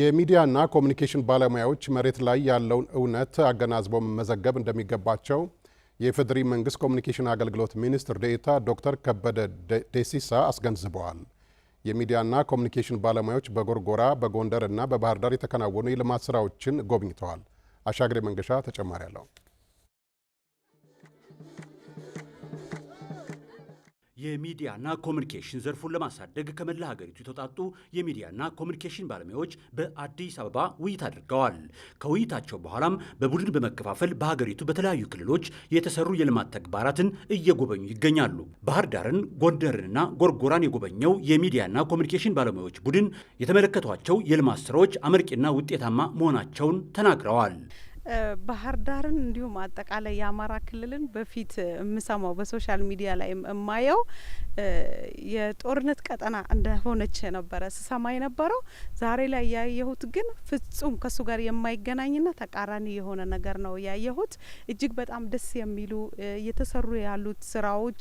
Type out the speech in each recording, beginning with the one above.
የሚዲያና ኮሚኒኬሽን ባለሙያዎች መሬት ላይ ያለውን እውነት አገናዝበው መመዘገብ እንደሚገባቸው የፌዴሪ መንግስት ኮሚኒኬሽን አገልግሎት ሚኒስትር ዴኤታ ዶክተር ከበደ ደሲሳ አስገንዝበዋል። የሚዲያና ኮሚኒኬሽን ባለሙያዎች በጎርጎራ በጎንደር እና በባህር ዳር የተከናወኑ የልማት ስራዎችን ጎብኝተዋል። አሻግሬ መንገሻ ተጨማሪ አለው። የሚዲያና ኮሚኒኬሽን ዘርፉን ለማሳደግ ከመላ ሀገሪቱ የተውጣጡ የሚዲያና ኮሚኒኬሽን ባለሙያዎች በአዲስ አበባ ውይይት አድርገዋል። ከውይይታቸው በኋላም በቡድን በመከፋፈል በሀገሪቱ በተለያዩ ክልሎች የተሰሩ የልማት ተግባራትን እየጎበኙ ይገኛሉ። ባህር ዳርን፣ ጎንደርንና ጎርጎራን የጎበኘው የሚዲያና ኮሚኒኬሽን ባለሙያዎች ቡድን የተመለከቷቸው የልማት ስራዎች አመርቂና ውጤታማ መሆናቸውን ተናግረዋል። ባህር ዳርን እንዲሁም አጠቃላይ የአማራ ክልልን በፊት የምሰማው በሶሻል ሚዲያ ላይ የማየው የጦርነት ቀጠና እንደሆነች ነበረ ስሰማ የነበረው። ዛሬ ላይ ያየሁት ግን ፍጹም ከሱ ጋር የማይገናኝና ተቃራኒ የሆነ ነገር ነው ያየሁት። እጅግ በጣም ደስ የሚሉ እየተሰሩ ያሉት ስራዎች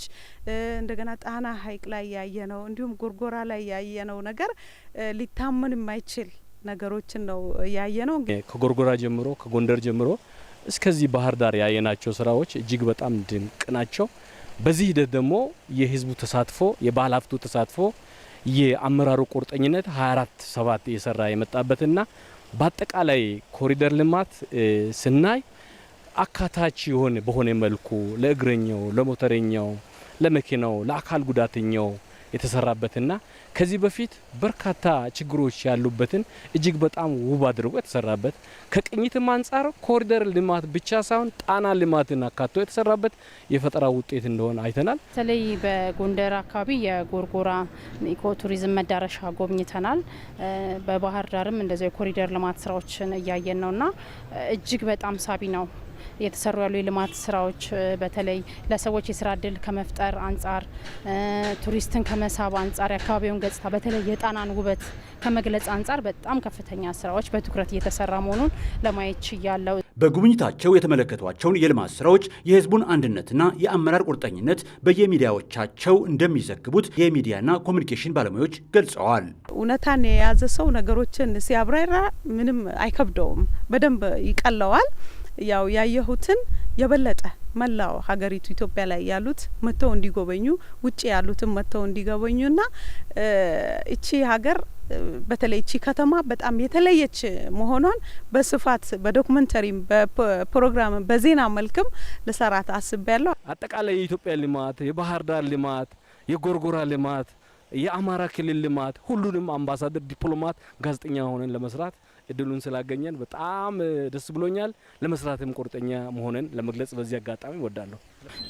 እንደገና ጣና ሐይቅ ላይ ያየ ነው እንዲሁም ጎርጎራ ላይ ያየ ነው ነገር ሊታመን የማይችል ነገሮችን ነው ነው ከጎርጎራ ጀምሮ ከጎንደር ጀምሮ እስከዚህ ባህር ዳር ያየናቸው ስራዎች እጅግ በጣም ድንቅ ናቸው። በዚህ ሂደት ደግሞ የህዝቡ ተሳትፎ፣ የባህል ሀብቱ ተሳትፎ፣ የአመራሩ ቁርጠኝነት 24 ሰባት እየሰራ የመጣበትና በአጠቃላይ ኮሪደር ልማት ስናይ አካታች የሆነ በሆነ መልኩ ለእግረኛው፣ ለሞተረኛው፣ ለመኪናው፣ ለአካል ጉዳተኛው የተሰራበትና ከዚህ በፊት በርካታ ችግሮች ያሉበትን እጅግ በጣም ውብ አድርጎ የተሰራበት ከቅኝትም አንጻር ኮሪደር ልማት ብቻ ሳይሆን ጣና ልማትን አካቶ የተሰራበት የፈጠራ ውጤት እንደሆነ አይተናል። በተለይ በጎንደር አካባቢ የጎርጎራ ኢኮቱሪዝም መዳረሻ ጎብኝተናል። በባህር ዳርም እንደዚያው የኮሪደር ልማት ስራዎችን እያየን ነውና እጅግ በጣም ሳቢ ነው። እየተሰሩ ያሉ የልማት ስራዎች በተለይ ለሰዎች የስራ እድል ከመፍጠር አንጻር፣ ቱሪስትን ከመሳብ አንጻር፣ የአካባቢውን ገጽታ በተለይ የጣናን ውበት ከመግለጽ አንጻር በጣም ከፍተኛ ስራዎች በትኩረት እየተሰራ መሆኑን ለማየት ችያለው። በጉብኝታቸው የተመለከቷቸውን የልማት ስራዎች የህዝቡን አንድነትና የአመራር ቁርጠኝነት በየሚዲያዎቻቸው እንደሚዘግቡት የሚዲያና ኮሚኒኬሽን ባለሙያዎች ገልጸዋል። እውነታን የያዘ ሰው ነገሮችን ሲያብራራ ምንም አይከብደውም፣ በደንብ ይቀለዋል። ያው ያየሁትን የበለጠ መላው ሀገሪቱ ኢትዮጵያ ላይ ያሉት መጥተው እንዲጎበኙ ውጭ ያሉትን መጥተው እንዲጎበኙና እቺ ሀገር በተለይ እቺ ከተማ በጣም የተለየች መሆኗን በስፋት በዶክመንተሪም በፕሮግራም በዜና መልክም ልሰራት ያለው አጠቃላይ የኢትዮጵያ ልማት፣ የባህር ዳር ልማት፣ የጎርጎራ ልማት፣ የአማራ ክልል ልማት ሁሉንም አምባሳደር፣ ዲፕሎማት፣ ጋዜጠኛ ሆነን ለመስራት እድሉን ስላገኘን በጣም ደስ ብሎኛል። ለመስራትም ቁርጠኛ መሆንን ለመግለጽ በዚህ አጋጣሚ ወዳለሁ።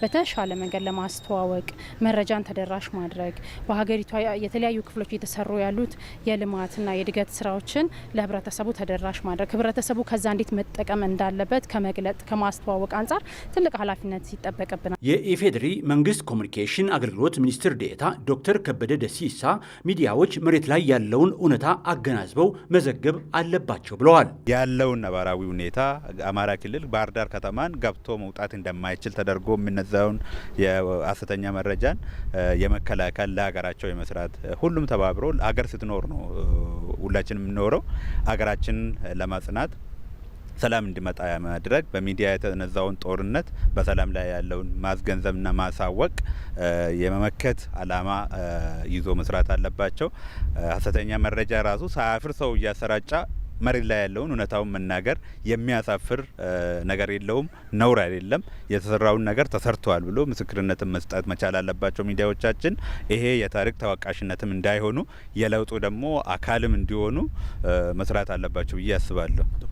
በተሻለ መንገድ ለማስተዋወቅ መረጃን ተደራሽ ማድረግ በሀገሪቷ የተለያዩ ክፍሎች እየተሰሩ ያሉት የልማትና የእድገት ስራዎችን ለህብረተሰቡ ተደራሽ ማድረግ ህብረተሰቡ ከዛ እንዴት መጠቀም እንዳለበት ከመግለጥ ከማስተዋወቅ አንጻር ትልቅ ኃላፊነት ይጠበቅብናል። የኢፌዴሪ መንግስት ኮሚኒኬሽን አገልግሎት ሚኒስትር ዴኤታ ዶክተር ከበደ ደሲሳ ሚዲያዎች መሬት ላይ ያለውን እውነታ አገናዝበው መዘገብ አለበት አለባቸው ብለዋል። ያለውን ነባራዊ ሁኔታ አማራ ክልል ባህር ዳር ከተማን ገብቶ መውጣት እንደማይችል ተደርጎ የሚነዛውን የሀሰተኛ መረጃን የመከላከል ለሀገራቸው የመስራት ሁሉም ተባብሮ ሀገር ስትኖር ነው ሁላችን የምንኖረው። ሀገራችንን ለማጽናት ሰላም እንዲመጣ ማድረግ በሚዲያ የተነዛውን ጦርነት በሰላም ላይ ያለውን ማስገንዘብና ማሳወቅ የመመከት አላማ ይዞ መስራት አለባቸው። ሀሰተኛ መረጃ ራሱ ሳያፍር ሰው እያሰራጫ መሬት ላይ ያለውን እውነታውን መናገር የሚያሳፍር ነገር የለውም፣ ነውር አይደለም። የተሰራውን ነገር ተሰርተዋል ብሎ ምስክርነትን መስጠት መቻል አለባቸው ሚዲያዎቻችን። ይሄ የታሪክ ተወቃሽነትም እንዳይሆኑ የለውጡ ደግሞ አካልም እንዲሆኑ መስራት አለባቸው ብዬ አስባለሁ።